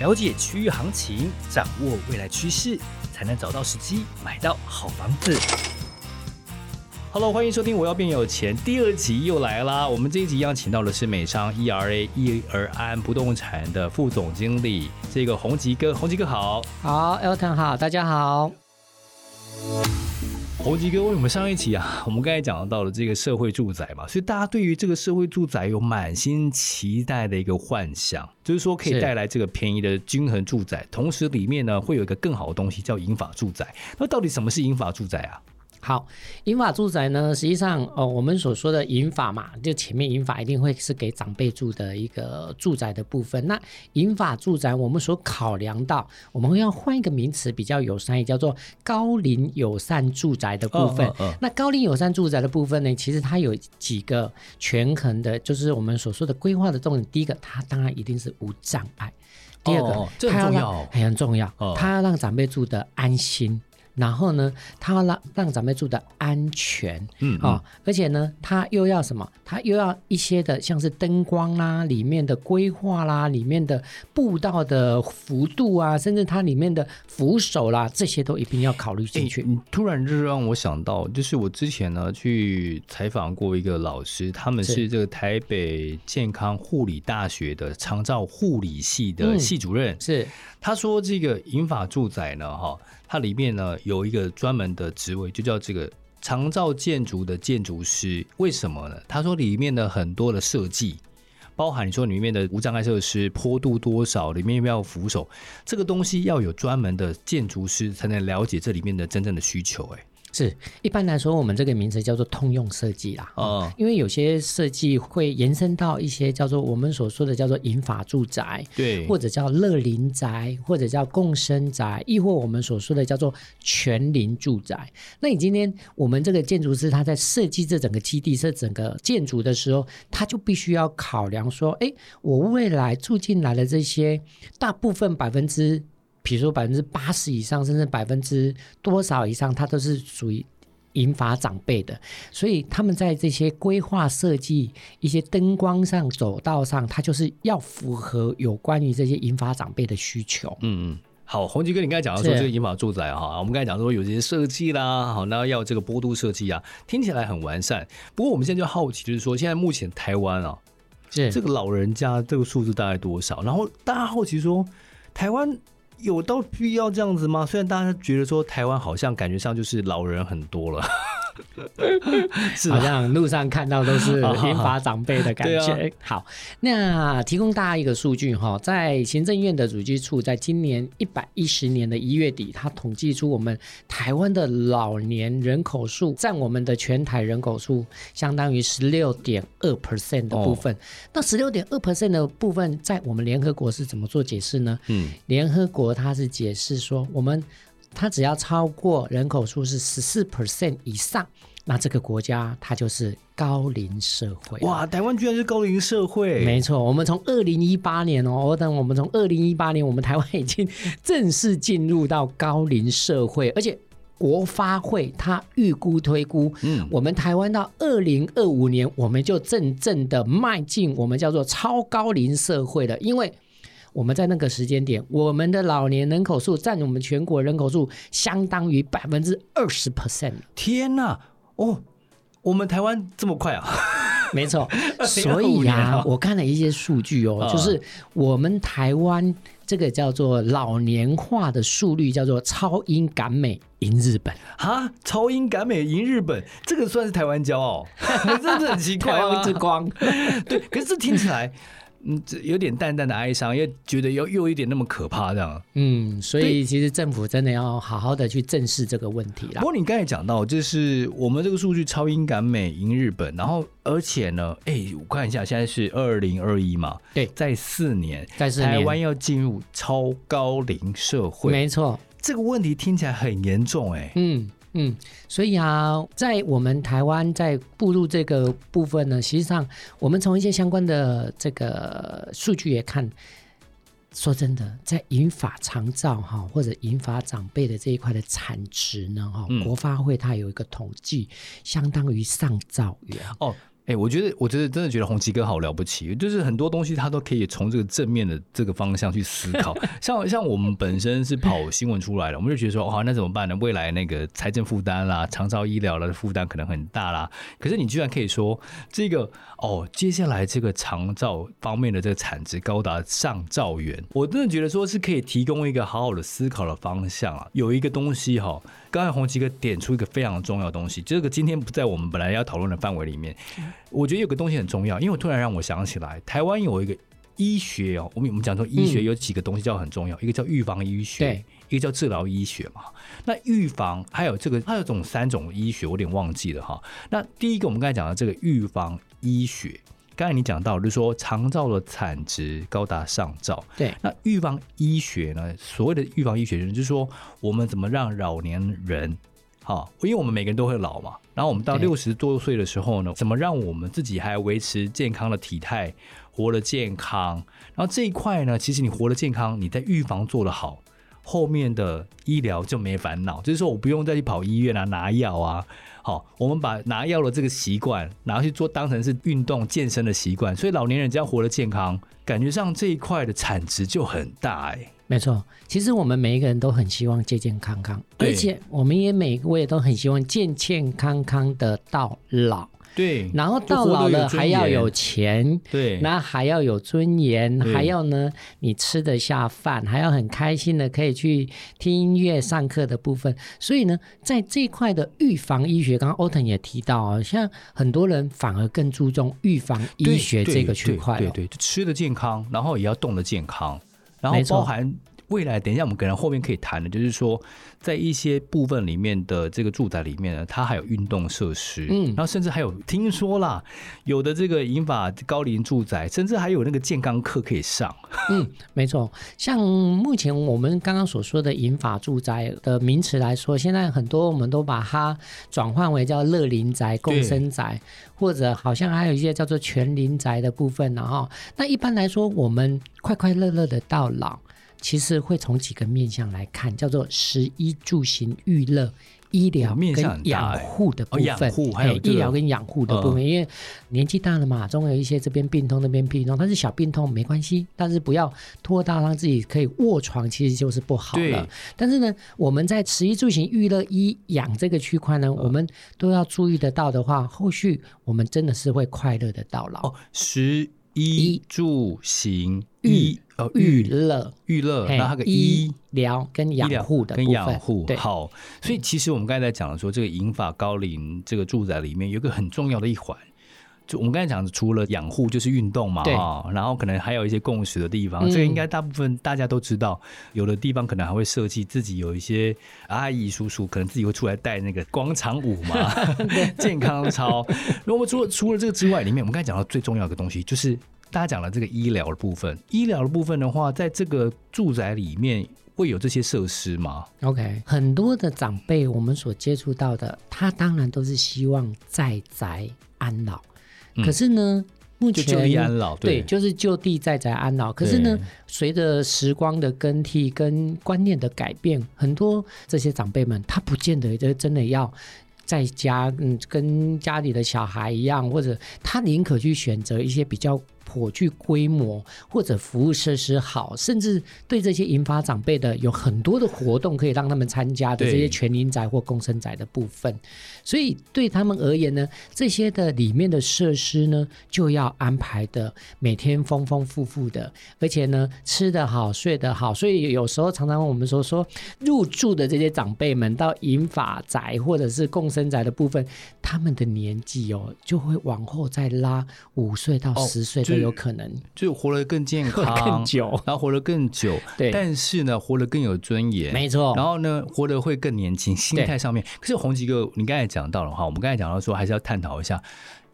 了解區域行情，掌握未來趨勢，才能找到時機買到好房子。Hello，歡迎收聽《我要變有錢》第二集又來啦！我們這一集要請到的是美商 ERA 易而安不動產的副總經理，這個宏吉哥。宏吉哥好，好，Elton 好，大家好。宏吉哥，我們上一期啊，我們剛才講到了這個社會住宅嘛，所以大家對於這個社會住宅有滿心期待的一個幻想，就是說可以帶來這個便宜的均衡住宅，同時裡面呢會有一個更好的東西叫銀髮住宅。那到底什麼是銀髮住宅啊？好，銀髮住宅呢，實際上哦，我們所說的銀髮嘛，就前面銀髮一定會是給長輩住的一個住宅的部分。那銀髮住宅，我們所考量到，我們會要換一個名詞比較友善意，也叫做高齡友善住宅的部分、哦哦哦。那高齡友善住宅的部分呢，其實它有幾個權衡的，就是我們所說的規劃的重點。第一個，它當然一定是無障礙；第二個，哦、這很重要，、哦要，很很重要、哦，它要讓長輩住的安心。然後呢，他讓讓咱們住的安全，嗯啊、哦，而且呢，他又要什麼？他又要一些的，像是燈光啦，裡面的規劃啦，裡面的步道的幅度啊，甚至它裡面的扶手啦，這些都一定要考慮進去。突然就讓我想到，就是我之前呢去採訪過一個老師，他們是這個台北健康護理大學的長照護理系的系主任，嗯、是。他說這個銀髮住宅呢，哈、哦。它裡面呢有一個專門的職位，就叫這個長照建築的建築師。為什麼呢？他說裡面的很多的設計，包含你說裡面的無障礙設施坡度多少，裡面有沒有扶手，這個東西要有專門的建築師才能了解這裡面的真正的需求。誒。是一般來說，我們這個名詞叫做通用設計啦。哦，因為有些設計會延伸到一些叫做我們所說的叫做銀髮住宅，對，或者叫樂齡宅，或者叫共生宅，亦或我們所說的叫做全齡住宅。那你今天我們這個建築師他在設計這整個基地、這整個建築的時候，他就必須要考量說，哎、欸，我未來住進來的這些大部分百分之。比如說百分之八十以上，甚至百分之多少以上，它都是屬於銀髮長輩的，所以他們在這些規劃設計、一些燈光上、走道上，它就是要符合有關於這些銀髮長輩的需求。嗯嗯，好，宏吉哥你說，你剛才講到說這個銀髮住宅哈，我們剛才講說有些設計啦，好，那要這個坡度設計啊，聽起來很完善。不過我們現在就好奇，就是說現在目前台灣啊，這個老人家這個數字大概多少？然後大家好奇說台灣。有到必要這樣子嗎？雖然大家覺得說台灣好像感覺上就是老人很多了。 是，好像路上看到都是銀髮長輩的感覺。好好好、對啊。好，那提供大家一個數據哈，在行政院的主計處，在今年一百一十年的一月底，他統計出我們台灣的老年人口數占我們的全台人口數，相當於十六點二 percent 的部分。哦、那十六點二 percent 的部分，在我們聯合國是怎麼做解釋呢？嗯，聯合國它是解釋說我們。它只要超過人口數是十四 percent 以上，那這個國家它就是高齡社會。哇，台灣居然是高齡社會？沒錯，我們從二零一八年哦，我等我們從二零一八年，我們台灣已經正式進入到高齡社會，而且國發會它預估推估，嗯，我們台灣到二零二五年，我們就真正的邁進我們叫做超高齡社會了，因為。我們在那個時間點，我們的老年人口數佔我們全國人口數，相當於百分之二十 percent。天哪！哦，我們台灣這麼快啊？ 沒錯，所以、啊哎、呀我，我看了一些數據哦、嗯，就是我們台灣這個叫做老年化的速率，叫做超英趕美，贏日本啊！超英趕美贏日本哈，超英趕美贏日本這個算是台灣驕傲， 這是不是很奇怪？台灣之光， 對，可是聽起來。 嗯，這有點淡淡的哀傷，又覺得又又有一點那麼可怕這樣。嗯，所以其實政府真的要好好的去正視這個問題了。不過你剛才講到，就是我們這個數據超英趕美，贏日本，然後而且呢，哎、欸，我看一下，現在是二零二一嘛，對，在四年，在四年台灣要進入超高齡社會，沒錯，這個問題聽起來很嚴重、欸，哎，嗯。嗯，所以啊，在我們台灣在步入這個部分呢，實際上我們從一些相關的這個數據也看，說真的，在銀髮長照哈或者銀髮長輩的這一塊的產值呢哈，國發會它有一個統計，相當於上兆元，嗯、哦。誒、欸，我覺得，我覺得真的覺得宏吉哥好了不起，就是很多東西他都可以從這個正面的這個方向去思考。像像我們本身是跑新聞出來的，我們就覺得說，好、哦，那怎麼辦呢？未來那個財政負擔啦，長照醫療的負擔可能很大啦。可是你居然可以說這個哦，接下來這個長照方面的這個產值高達上兆元，我真的覺得說是可以提供一個好好的思考的方向啊。有一個東西哈。剛才宏吉哥點出一個非常重要的東西，這個今天不在我們本來要討論的範圍裡面。我覺得有個東西很重要，因為我突然讓我想起來，台灣有一個醫學哦，我們我們講說醫學有幾個東西叫很重要，嗯、一個叫預防醫學，一個叫治療醫學嘛。那預防還有這個還有這種三種醫學，我有點忘記了哈。那第一個我們剛才講的這個預防醫學。剛才你講到就是說，長照的產值高達上兆。對，那預防醫學呢？所謂的預防醫學就是，就是說，我們怎麼讓老年人好，啊，因為我們每個人都會老嘛。然後我們到六十多歲的時候呢，怎麼讓我們自己還維持健康的體態，活得健康？然後這一塊呢，其實你活得健康，你在預防做得好，後面的醫療就沒煩惱。就是說，我不用再去跑醫院啊，拿藥啊。好，我們把拿藥的這個習慣拿去做，當成是運動健身的習慣。所以老年人只要活得健康，感覺上這一塊的產值就很大哎、欸。沒錯，其實我們每一個人都很希望健健康康，而且我們也每一位都很希望健健康康的到老。對，然後到老了還要有錢，對，然後還要有尊嚴，還要呢，你吃得下飯，還要很開心的可以去聽音樂、上課的部分。所以呢，在這塊的預防醫學，剛剛歐 n 也提到啊、哦，像很多人反而更注重預防醫學這個區塊、哦，對對,對,對,對，吃的健康，然後也要動的健康，然後包含。未來，等一下，我們可能後面可以談的，就是說，在一些部分裡面的這個住宅裡面呢，它還有運動設施，嗯，然後甚至還有聽說啦，有的這個銀髮高齡住宅，甚至還有那個健康課可以上。嗯，沒錯，像目前我們剛剛所說的銀髮住宅的名詞來說，現在很多我們都把它轉換為叫樂齡宅、共生宅，對。或者好像還有一些叫做全齡宅的部分呢哈。那一般來說，我們。快快樂樂的到老，其實會從幾個面向來看，叫做食衣住行、育樂、醫療跟養護的部分，欸哦、養護還有、這個、醫療跟養護的部分。嗯、因為年紀大了嘛，總有一些這邊病痛那邊病痛，但是小病痛沒關係，但是不要拖到讓自己可以臥床，其實就是不好了。但是呢，我們在食衣住行、育樂、醫養這個區塊呢，我們都要注意得到的話，嗯、後續我們真的是會快樂的到老十。哦衣住行育，呃育樂、育樂，然後個醫療跟養護的跟養護對，好。所以其實我們剛才在講的說、嗯，這個銀髮高齡這個住宅裡面有一個很重要的一環。就我們剛才講的，除了養護就是運動嘛，對，哈、哦，然後可能還有一些共識的地方，這、嗯、個應該大部分大家都知道。有的地方可能還會設計自己有一些阿姨叔叔，可能自己會出來帶那個廣場舞嘛， 對 健康操。那 麼除了除了這個之外，裡面我們剛才講到最重要的東西，就是大家講了這個醫療的部分。醫療的部分的話，在這個住宅裡面會有這些設施嗎？OK，很多的長輩我們所接觸到的，他當然都是希望在宅安老。嗯、可是呢，目前就地安老對，對，就是就地在宅安老。可是呢，隨着時光的更替跟觀念的改變，很多這些長輩們，他不見得就真的要在家，嗯，跟家裡的小孩一樣，或者他寧可去選擇一些比較頗具規模或者服務設施好，甚至對這些銀髮長輩的有很多的活動可以讓他們參加的這些全齡宅或共生宅的部分。所以對他們而言呢，這些的裡面的設施呢，就要安排的每天豐豐富富的，而且呢吃得好，睡得好。所以有時候常常我們說說入住的這些長輩們到銀髮宅或者是共生宅的部分，他們的年紀哦、喔、就會往後再拉五歲到十歲都有可能、哦就，就活得更健康、哦、更久，然後活得更久， 對。但是呢，活得更有尊嚴，沒錯。然後呢，活得會更年輕，心態上面。可是宏吉哥，你剛才講。講到了哈，我們剛才講到說，還是要探討一下，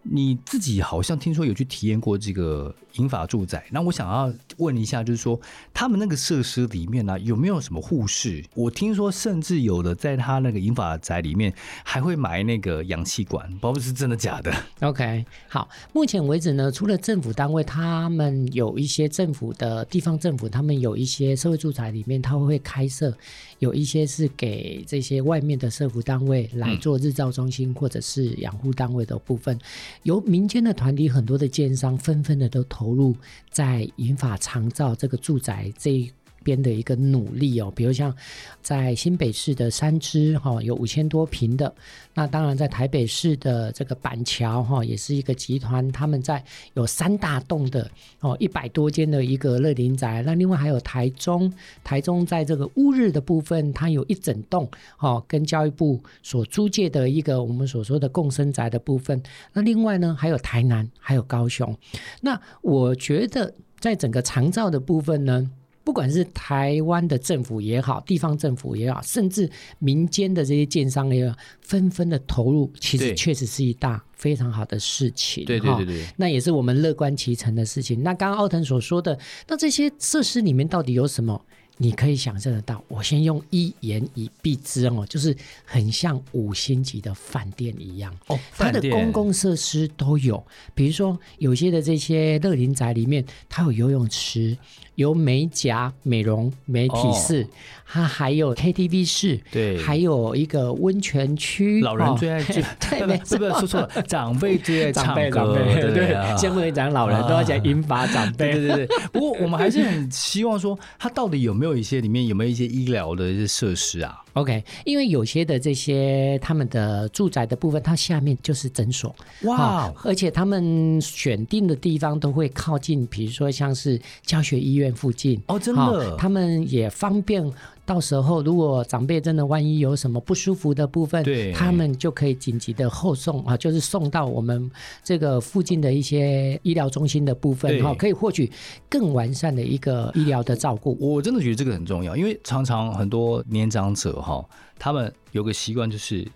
你自己好像聽說有去體驗過這個銀髮住宅，那我想要問一下，就是說他們那個設施裡面呢、啊，有沒有什麼護士？我聽說甚至有的，在他那個銀髮宅裡面還會埋那個氧氣管，不知道是，是真的假的。OK，好，目前為止呢，除了政府單位，他們有一些政府的地方政府，他們有一些社會住宅裡面，他會開設。有一些是給這些外面的社福單位來做日照中心或者是養護單位的部分，由、嗯、民間的團體很多的建商紛紛的都投入在銀髮長照這個住宅這一。邊的一個努力哦，比如像在新北市的三芝，哈、哦、有五千多坪的，那當然在台北市的這個板橋哈、哦、也是一個集團，他們在有三大棟的哦，一百多間的一個樂齡宅。那另外還有台中，台中在這個烏日的部分，它有一整棟哦，跟教育部所租借的一個我們所說的共生宅的部分。那另外呢還有台南，還有高雄。那我覺得在整個長照的部分呢，不管是台灣的政府也好，地方政府也好，甚至民間的這些建商也好，紛紛的投入，其實確實是一大非常好的事情。對對對對，那也是我們樂觀其成的事情。那剛剛奧騰所說的，那這些設施裡面到底有什麼？你可以想象得到，我先用一言以蔽之哦，就是很像五星級的飯店一樣哦，它的公共設施都有，比如說有些的這些樂齡宅裡面，它有游泳池，有美甲美容美體室、哦，它還有 KTV 室，對，還有一個溫泉區。老人最愛去 對， 對，是不是說錯了，長輩最愛唱歌，長輩，對對，現在不能講老人，啊、都要講銀髮長輩，對對對。 不過我們還是很希望說，他到底有沒有？有，有一些裡面有沒有一些醫療的一些設施啊？OK，因為有些的這些他們的住宅的部分，它下面就是診所。哇、wow. 哦，而且他們選定的地方都會靠近，比如說像是教學醫院附近。哦、oh，真的、哦，他們也方便。到時候如果長輩真的萬一有什麼不舒服的部分，對他們就可以緊急的後送啊、哦，就是送到我們這個附近的一些醫療中心的部分，然後、哦、可以獲取更完善的一個醫療的照顧。我真的覺得這個很重要，因為常常很多年長者。好，他們有個習慣就是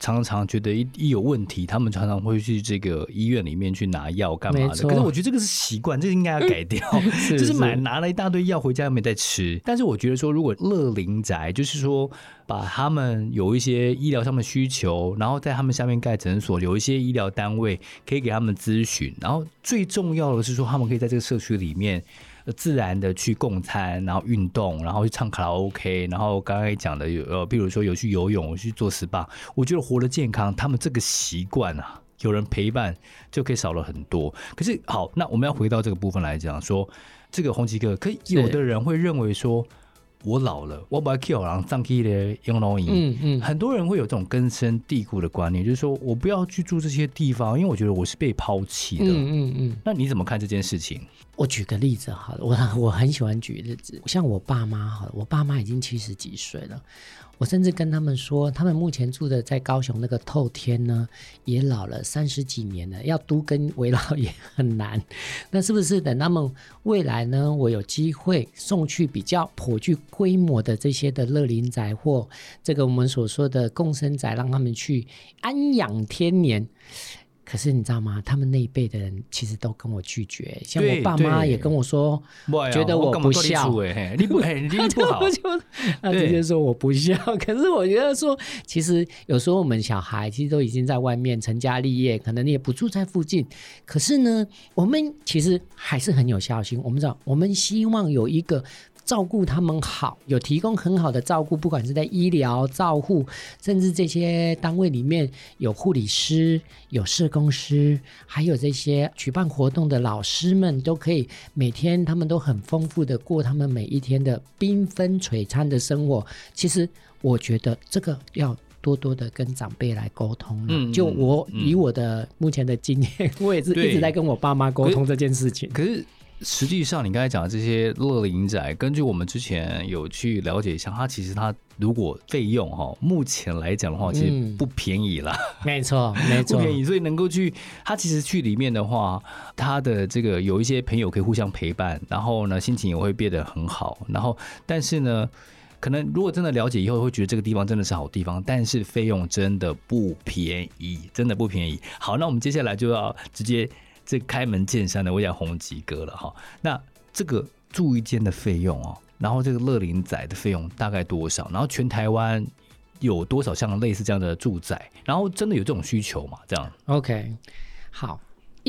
常常覺得一一有問題，他們常常會去這個醫院裡面去拿藥幹嘛的。可是我覺得這個是習慣，這是、個、應該要改掉。嗯、就是買是是拿了一大堆藥回家又沒再吃。但是我覺得說，如果樂齡宅就是說，把他們有一些醫療上的需求，然後在他們下面蓋診所，有一些醫療單位可以給他們諮詢。然後最重要的是說，他們可以在這個社區裡面。自然的去共餐，然後運動，然後去唱卡拉 OK，然後剛剛也講的有，呃，比如說有去游泳，有去做 SPA，我覺得活得健康，他們這個習慣啊，有人陪伴就可以少了很多。可是好，那我們要回到這個部分來講，說這個宏吉哥，可以有的人會認為說，我老了，我把 kill 然後髒 k e 用嗯嗯，很多人會有這種根深蒂固的觀念，嗯嗯、就是說我不要去住這些地方，因為我覺得我是被拋棄的，嗯嗯，嗯那你怎麼看這件事情？我舉個例子好了，我我很喜歡舉例子，像我爸媽，好了，我爸媽已經七十幾歲了，我甚至跟他們說，他們目前住的在高雄那個透天呢，也老了三十幾年了，要都更跟危老也很難。那是不是等他們未來呢？我有機會送去比較破具。規模的這些的樂齡宅或這個我們所說的共生宅，讓他們去安養天年。可是你知道嗎？他們那一輩的人其實都跟我拒絕，像我爸媽也跟我說覺我，覺得我不孝，欸，你不肯定不好， 他直接說我不孝。可是我覺得說，其實有時候我們小孩其實都已經在外面成家立業，可能你也不住在附近。可是呢，我們其實還是很有孝心。我們知道，我們希望有一個。照顧他們好，有提供很好的照顧，不管是在醫療照護，甚至這些單位裡面有護理師、有社工師，還有這些舉辦活動的老師們，都可以每天他們都很豐富的過他們每一天的繽紛璀璨的生活。其實我覺得這個要多多的跟長輩來溝通。嗯，就我、嗯、以我的目前的經驗，我也是一直在跟我爸媽溝通這件事情。可是。可是實際上，你剛才講的這些樂齡宅，根據我們之前有去了解一下，它其實它如果費用哈，目前來講的話，其實不便宜啦、嗯。 沒錯，沒錯，不便宜。所以能夠去，它其實去裡面的話，它的這個有一些朋友可以互相陪伴，然後呢，心情也會變得很好。然後，但是呢，可能如果真的了解以後，會覺得這個地方真的是好地方，但是費用真的不便宜，真的不便宜。好，那我們接下來就要直接。這開門見山的，我講宏吉哥了哈。那這個住一間的費用哦，然後這個樂齡宅的費用大概多少？然後全台灣有多少像類似這樣的住宅？然後真的有這種需求嗎？這樣？OK，好。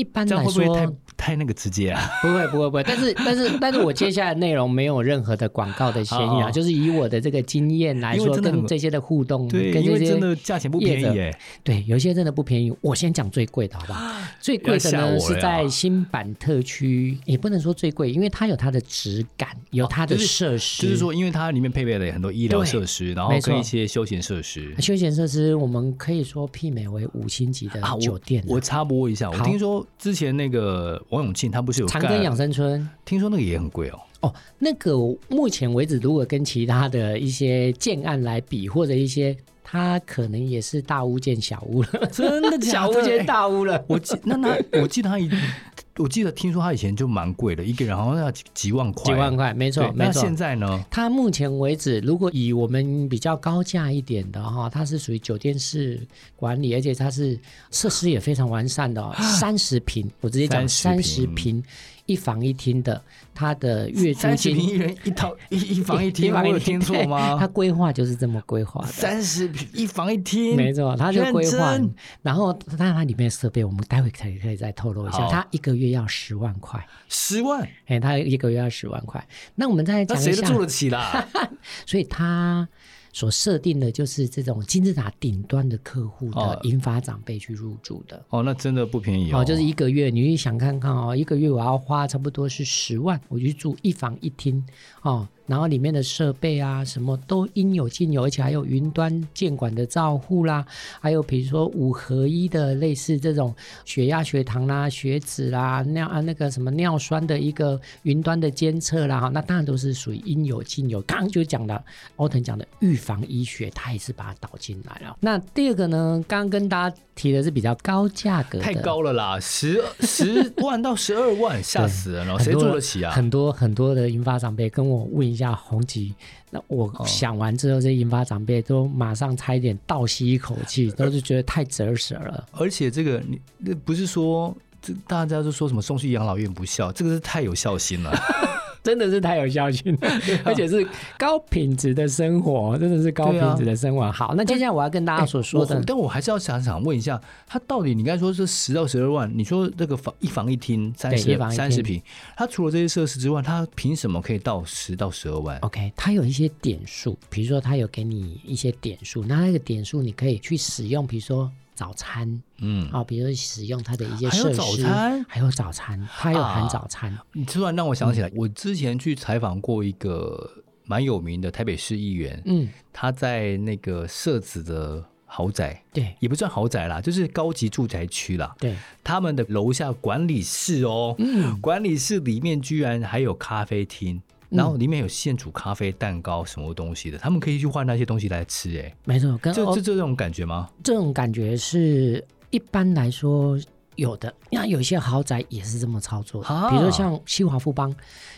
這樣一般來說，會不會太太那個直接啊？不 會不會不會，但是但是但是我接下來內容沒有任何的廣告的嫌疑啊， 就是以我的這個經驗來說，跟這些的互動，對跟這些因為真的價錢不便宜耶對，有些真的不便宜。我先講最貴的好不好？啊、最貴的呢是在新版特區，也不能說最貴，因為它有它的質感，有它的設施、啊。就是,就是說，因為它裡面配備了很多醫療設施，然後跟一些休閒設施。休閒設施我們可以說媲美為五星級的酒店、啊我。我插播一下，我聽說。之前那個王永慶，他不是有長庚養生村？聽說那個也很貴哦。哦，那個目前為止，如果跟其他的一些建案來比，或者一些，他可能也是大巫見小巫了，真的小巫見大巫了。 我記那那，我記得他一定 我記得聽說他以前就蠻貴的，一個人好像要幾幾萬塊，啊。幾萬塊，沒錯，沒錯。那現在呢？它目前為止，如果以我們比較高價一點的哈，它是屬於酒店式管理，而且它是設施也非常完善的，三十坪，我直接講三十坪。一房一廳的，他的月租金一人一套， 一一房 一廳，你沒有聽錯嗎？ 他規劃就是這麼規劃的，三十平一房一廳，沒錯，他就規劃。然後，那它裡面的設備，我們待會可以可以再透露一下。他一個月要十萬塊，十萬，哎，他一個月要十萬塊。那我們再講一下，誰都住得起的？ 所以他。所設定的就是這種金字塔頂端的客戶的銀髮長輩去入住的哦。哦，那真的不便宜哦，哦，就是一個月，你去想看看哦，一個月我要花差不多是十萬，我就住一房一廳，哦。然後裡面的設備啊，什麼都應有盡有，而且還有雲端監管的照護啦，還有比如說五合一的類似這種血壓、血糖啦、血脂啦、尿啊那個什麼尿酸的一個雲端的監測啦，哈，那當然都是屬於應有盡有。剛剛就講的，歐騰講的預防醫學，他也是把它導進來了。那第二個呢，剛剛跟大家提的是比較高價格，太高了啦，十十萬到十二萬， 嚇死人了，誰住得起啊？很多很多的銀髮長輩跟我問一下。一宏吉，那我想完之後，這銀髮長輩都馬上差一點倒吸一口氣，都是覺得太咋舌了。而且這個你那不是說這大家都說什麼送去養老院不孝，這個是太有孝心了。 真的是太有孝心、 啊，而且是高品質的生活，真的是高品質的生活、啊。好，那接下來我要跟大家所說的、欸，但我還是要想想問一下，他到底你剛才說是十到十二萬，你說這個房一房一廳三十三十坪，他除了這些設施之外，他憑什麼可以到十到十二萬？OK，他有一些點數，比如說他有給你一些點數，那那個點數你可以去使用，比如說。早餐，嗯，哦，比如說使用它的一些設施、啊，還有早餐，還有早餐，還有含早餐、啊。你突然讓我想起來，嗯、我之前去採訪過一個蠻有名的台北市議員，嗯，他在那個社子的豪宅，對，也不算豪宅啦，就是高級住宅區啦，對，他們的樓下管理室哦、喔，嗯，管理室裡面居然還有咖啡廳。然後裡面有現煮咖啡、蛋糕什麼東西的，嗯、他們可以去換那些東西來吃。欸，哎，沒錯，就就這種感覺嗎？哦。這種感覺是一般來說。有的，那有些豪宅也是這麼操作的，哦，比如說像西華富邦，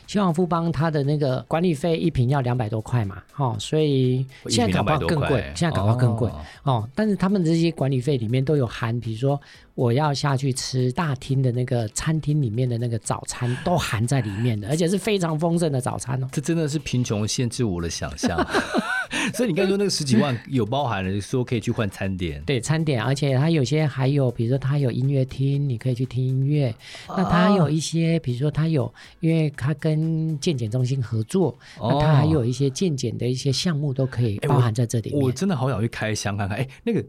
西華富邦它的那個管理費一坪要兩百多塊嘛，哦，所以現在搞不好更貴，現在搞不好更貴哦，哦，但是他們這些管理費裡面都有含，比如說我要下去吃大廳的那個餐廳裡面的那個早餐，都含在裡面的，而且是非常豐盛的早餐哦，這真的是貧窮限制我的想象。 所以你剛才說那個十幾萬有包含了，說可以去換餐點， 對餐點，而且它有些還有，比如說它有音樂廳，你可以去聽音樂、啊。那它有一些，比如說它有，因為它跟健檢中心合作、哦，那它還有一些健檢的一些項目都可以包含在這裡、欸我。我真的好想去開箱看看，哎、欸，那個。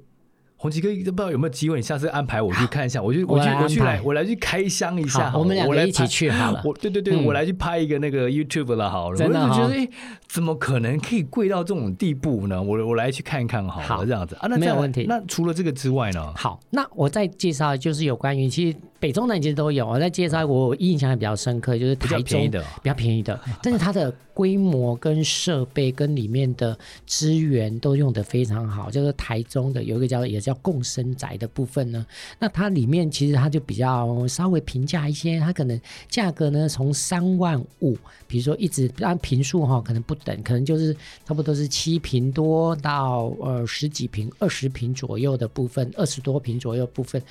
紅旗哥不知道有沒有機會，你下次安排我去看一下，我就，我去我來去來我來去開箱一下，我們兩個我來一起去好了。我對對對、嗯，我來去拍一個那個 YouTube 了，好了。好、哦，我就覺得哎、欸，怎麼可能可以貴到這種地步呢？我我來去看一看好了，這樣子啊，那沒有問題。那除了這個之外呢？好，那我再介紹就是有關於其實北中南其實都有。我再介紹我印象還比較深刻就是台中，的比較便宜的，比較便宜的 但是它的規模跟設備跟裡面的資源都用的非常好。 就是台中的有一個叫做也叫。共生宅的部分呢，那它裡面其實它就比較稍微平價一些，它可能價格呢從三萬五，比如說一直按坪數哈，可能不等，可能就是差不多是七坪多到呃十幾坪、二十坪左右的部分，二十多坪左右的部分，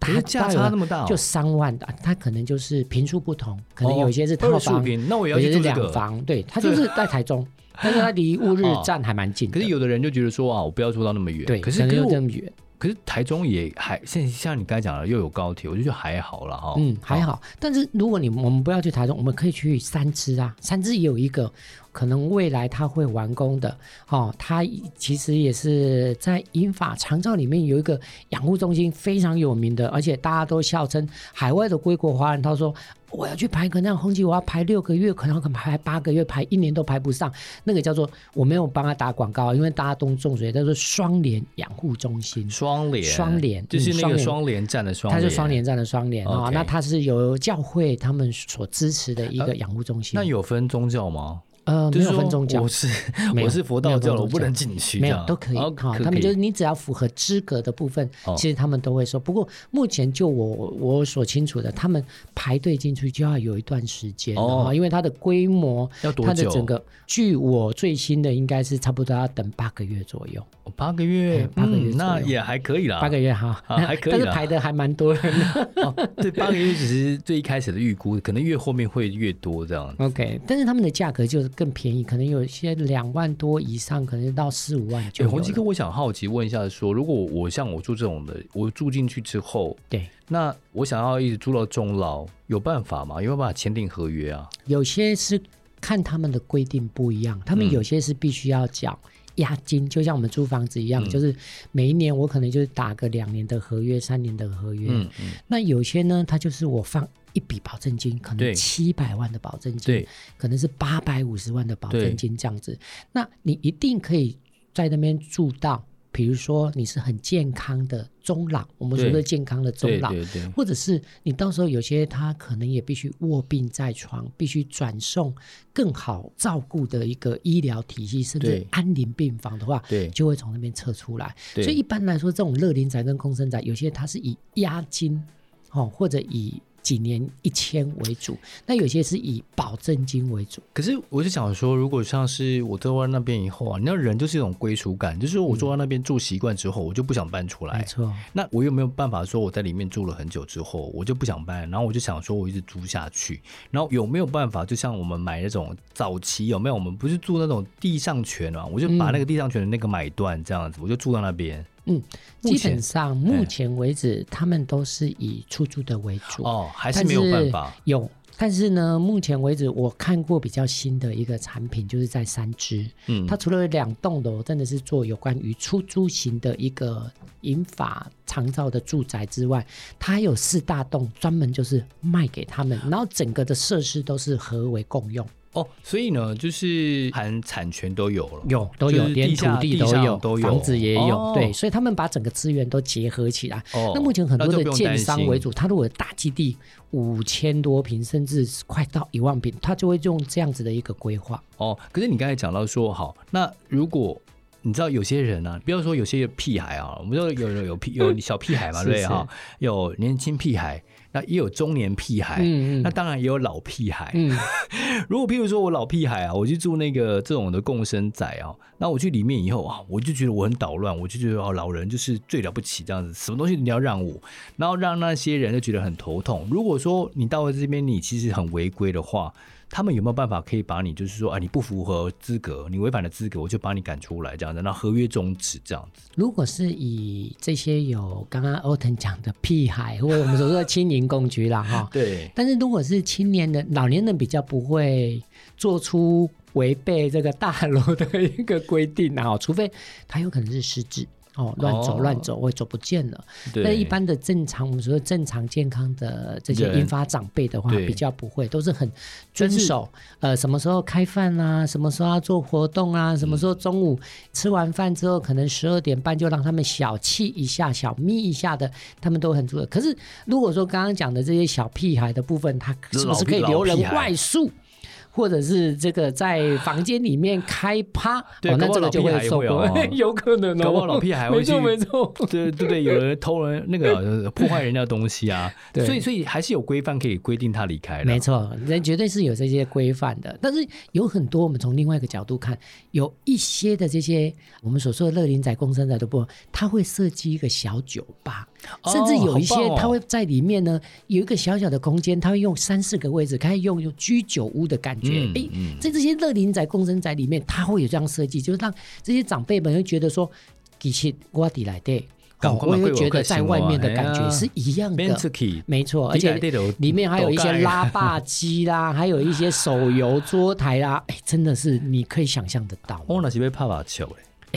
它價差那麼大、哦，就三萬的、啊，它可能就是坪數不同，可能有些是套房，哦那我要這個、有些兩房，對，它就是在台中。但是它離烏日站還蠻近的、啊哦，可是有的人就覺得說啊，我不要坐到那麼遠。對，可是又這麼遠，可是台中也還像像你剛才講的，又有高鐵，我就覺得就還好了哈、哦。嗯，還好，好。但是如果你我們不要去台中，我們可以去三芝啊，三芝也有一個。可能未來他會完工的。哦，他其實也是在英法長照裡面有一個養護中心，非常有名的，而且大家都笑稱海外的歸國華人，他說我要去排個那樣紅旗，我要排六個月，可能能排八個月，排一年都排不上。那個叫做我沒有幫他打廣告，因為大家都種水，叫做雙連養護中心，雙連雙連，雙連就是那個雙連站的，嗯，雙，雙連，它是雙連站的雙連啊，okay. 哦，那它是由教會他們所支持的一個養護中心，呃，那有分宗教嗎？呃、就是，沒有分宗教，我是我是佛道教，教我不能進去，沒有都可以。好、oh, 哦，他們就是你只要符合資格的部分，oh. 其實他們都會說。不過目前就我我所清楚的，他們排隊進去就要有一段時間哦，oh. 因為它的規模，要多久？它、嗯、的整個，據我最新的應該是差不多要等8個、oh, 八、個嗯、八個月左右。八個月，八個月那也還可以啦，八個月哈、啊啊，還可以，但是排的還蠻多人的、 哦。對，八個月只是最一開始的預估， 可能越後面會越多這樣子。OK，但是他們的價格就是。更便宜，可能有些兩萬多以上，可能到四五萬就。欸，宏吉哥，我想好奇問一下說，說如果我像我住這種的，我住進去之後，對，那我想要一直住到終老，有辦法嗎？有沒有辦法簽訂合約啊？有些是看他們的規定不一樣，他們有些是必須要繳押金、嗯，就像我們租房子一樣、嗯，就是每一年我可能就是打個兩年的合約、三年的合約。嗯嗯，那有些呢，它就是我放。一筆保證金，可能七百萬的保證金，可能是八百五十萬的保證金這樣子。那你一定可以在那邊住到，比如說你是很健康的終老，我們說的健康的終老，或者是你到時候有些他可能也必須臥病在床，必須轉送更好照顧的一個醫療體系，甚至安寧病房的話，就會從那邊撤出來。所以一般來說，這種樂齡宅跟共生宅，有些它是以押金，或者以幾年一千為主，那有些是以保證金為主。可是我就想說，如果像是我住在那邊以後啊，你要人就是一種歸屬感，就是我住到那邊住習慣之後、嗯，我就不想搬出來。沒錯，那我有沒有辦法說我在裡面住了很久之後，我就不想搬。然後我就想說，我一直租下去。然後有沒有辦法，就像我們買那種早期有沒有？我們不是住那種地上權嘛？我就把那個地上權的那個買斷，這樣子、嗯、我就住到那邊。嗯，基本上目前為止，他們都是以出租的為主哦，還是沒有辦法有。但是呢，目前為止我看過比較新的一個產品，就是在三芝，嗯，它除了兩棟樓真的是做有關於出租型的一個銀髮長照的住宅之外，它還有四大棟專門就是賣給他們，然後整個的設施都是合為共用。哦，所以呢，就是含產權都有了，有都有、就是，連土地都有，都有房子也有、哦，對，所以他們把整個資源都結合起來。哦，那目前很多的建商為主，他如果大基地五千多坪，甚至是快到一萬坪，他就會用這樣子的一個規劃。哦，可是你剛才講到說，好，那如果。你知道有些人呢，啊，不要說有些屁孩啊，我們說有有有屁有小屁孩嘛，嗯、對哈，有年輕屁孩，那也有中年屁孩，嗯嗯，那當然也有老屁孩。嗯、 如果譬如說我老屁孩啊，我去住那個這種的共生宅啊，那我去裡面以後啊，我就覺得我很搗亂，我就覺得哦，老人就是最了不起這樣子，什麼東西你要讓我，然後讓那些人就覺得很頭痛。如果說你到了這邊，你其實很違規的話。他們有沒有辦法可以把你，就是說，啊，你不符合資格，你違反了資格，我就把你趕出來這樣子，那合約終止這樣子。如果是以這些有剛剛歐騰講的屁孩，或者我們所說的青年共居啦，哈， 對。但是如果是青年的老年人，比較不會做出違背這個大樓的一個規定啊，除非他有可能是失智。哦，亂走、哦、亂走也走不見了。那一般的正常，我們說正常健康的這些銀髮長輩的話，比較不會，都是很遵守。呃，什麼時候開飯啊？什麼時候要做活動啊？什麼時候中午吃完飯之後，嗯、可能十二點半就讓他們小憩一下、小眯一下的，他們都很注意。可是如果說剛剛講的這些小屁孩的部分，他是不是可以留人外宿？或者是這個在房間裡面開趴、哦，那這個就會受不了、哦，欸，有可能哦，搞不好老屁孩會去，沒錯，沒錯對對對，有人偷人那個 破壞人家的東西啊，所以所以還是有規範可以規定他離開的，沒錯，人絕對是有這些規範的，但是有很多我們從另外一個角度看，有一些的這些我們所說的樂齡宅、共生宅都不分，他會設計一個小酒吧。甚至有一些，他會在裡面呢，有一個小小的空間，他會用三四個位置，可以用居酒屋的感覺。誒，在這些樂齡宅、共生宅裡面，他會有這樣設計，就是讓這些長輩們會覺得說，其實我在裡面我會覺得在外面的感覺是一樣的。沒錯，而且裡面還有一些拉霸機啦，還有一些手遊桌台啦。誒，真的是你可以想象得到。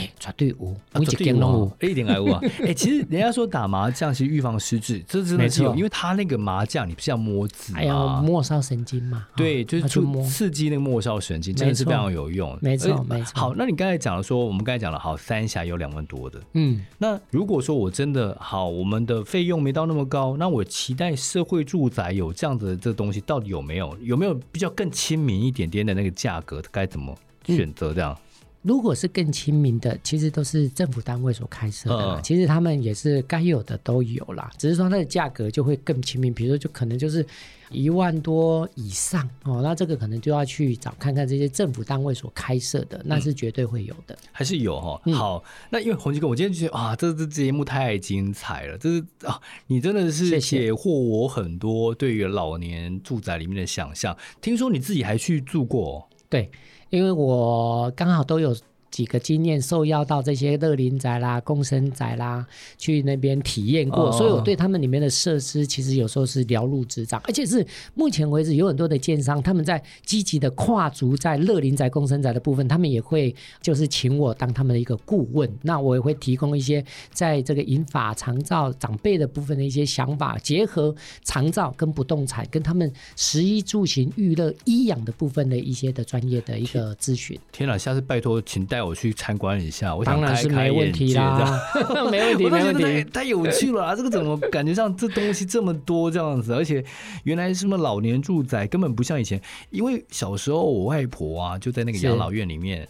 哎、欸，絕對有，絕對有、啊、絕對有、啊，一定會有啊！哎、 欸，其實人家說打麻將其實預防失智，這是，真的是有錯，因為他那個麻將你不是要摸子嘛，欸啊，末梢神經嘛，對，就是觸摸刺激那個末梢神經，哦啊，真的是非常有用，沒錯沒錯。好，那你剛才講了說，我們剛才講了，好，三峽有兩萬多的，嗯，那如果說我真的好，我們的費用沒到那麼高，那我期待社會住宅有這樣的這東西，到底有沒有？有沒有比較更親民一點點的那個價格？該怎麼選擇這樣？嗯如果是更親民的，其實都是政府單位所開設的、嗯，其實他們也是該有的都有了，只是說它的價格就會更親民，比如說就可能就是一萬多以上哦，那這個可能就要去找看看這些政府單位所開設的，那是絕對會有的，嗯、還是有哈、哦。好、嗯，那因為宏吉哥，我今天就覺得啊，這這節目太精彩了，這是啊，你真的是解惑我很多對於老年住宅裡面的想象。謝謝聽說你自己還去住過、哦，對。因為我剛好都有。幾個經驗，受邀到這些樂齡宅啦、共生宅啦去那邊體驗過，哦，所以我對他們裡面的設施其實有時候是了如指掌。而且是目前為止有很多的建商，他們在積極的跨足在樂齡宅、共生宅的部分，他們也會就是請我當他們的一個顧問，那我也會提供一些在這個銀髮長照長輩的部分的一些想法，結合長照跟不動產、跟他們食衣住行娛樂、醫養的部分的一些的專業的一個諮詢。天啦，下次拜託請帶。帶我去參觀一下，我當然是想開開開，沒問題啦，沒問題，沒問題， 太有趣了啊！ 這個怎麼感覺上這東西這麼多這樣子？ 而且原來什麼老年住宅根本不像以前，因為小時候我外婆啊就在那個養老院裡面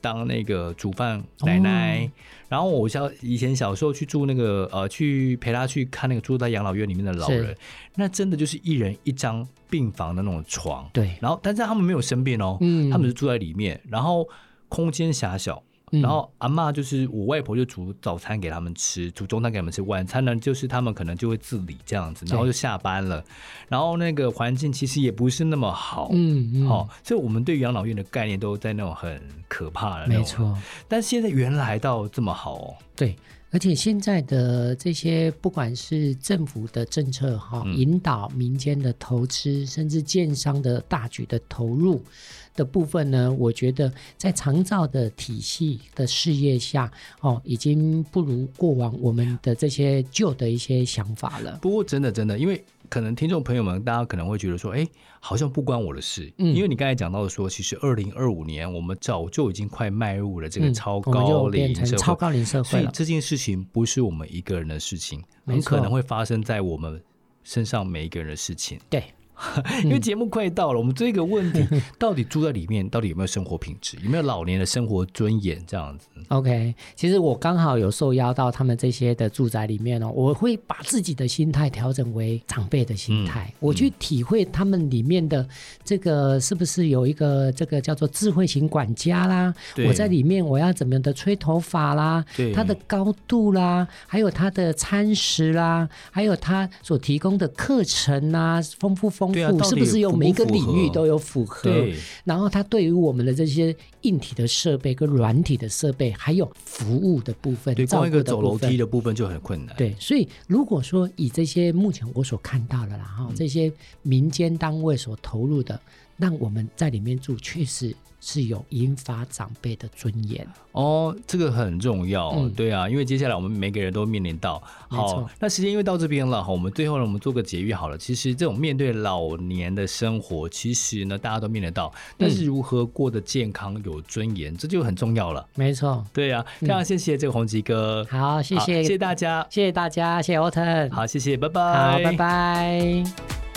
當那個煮飯奶奶，哦，然後我小以前小時候去住那個呃，去陪她去看那個住在養老院裡面的老人，那真的就是一人一張病房的那種床，對，然後但是他們沒有生病哦，嗯，嗯，他們是住在裡面，然後。空間狹小，嗯、然後阿嬤就是我外婆，就煮早餐給他們吃，煮中餐給他們吃，晚餐呢就是他們可能就會自理這樣子，然後就下班了。然後那個環境其實也不是那麼好，嗯，好、嗯哦，所以我們對養老院的概念都在那種很可怕的，沒錯。但現在原來到這麼好哦，對，而且現在的這些不管是政府的政策哈、哦嗯，引導民間的投資，甚至建商的大舉的投入。的部分呢，我覺得在長照的體系的事業下，哦，已經不如過往我們的這些舊的一些想法了。不過，真的真的，因為可能聽眾朋友們，大家可能會覺得說，哎，好像不關我的事。嗯，因為你剛才講到的說，其實二零二五年我們早就已經快邁入了這個超高齡社會，嗯、超高齡社會了。所以這件事情不是我們一個人的事情，很可能會發生在我們身上每一個人的事情。對。 因為節目快到了，嗯，我們這個問題到底住在裡面呵呵到底有沒有生活品質，有沒有老年的生活尊嚴這樣子？OK，其實我剛好有受邀到他們這些的住宅裡面哦，喔，我會把自己的心態調整為長輩的心態，嗯，我去體會他們裡面的這個是不是有一個這個叫做智慧型管家啦，我在裡面我要怎麼樣的吹頭髮啦，對，它的高度啦，還有他的餐食啦，還有他所提供的課程啊，豐富豐？對啊、符不符是不是有每一個領域都有符合？對，然後它對於我們的這些硬體的設備跟軟體的設備，還有服務的部分，對，光一個走樓梯的部分就很困難。對，所以如果說以這些目前我所看到的，然、嗯、後這些民間單位所投入的。讓我們在裡面住，確實是有引發長輩的尊嚴哦，這個很重要、嗯，對啊，因為接下來我們每個人都面臨到，好，那時間因為到這邊了，好，我們最後呢，我們做個結語好了。其實這種面對老年的生活，其實呢，大家都面臨到，但是如何過得健康有尊嚴、嗯，這就很重要了。沒錯，對啊，非、嗯、常謝謝這個宏吉哥，好，謝謝，謝謝大家，謝謝大家，謝謝歐騰好，謝謝，拜拜，好，拜拜。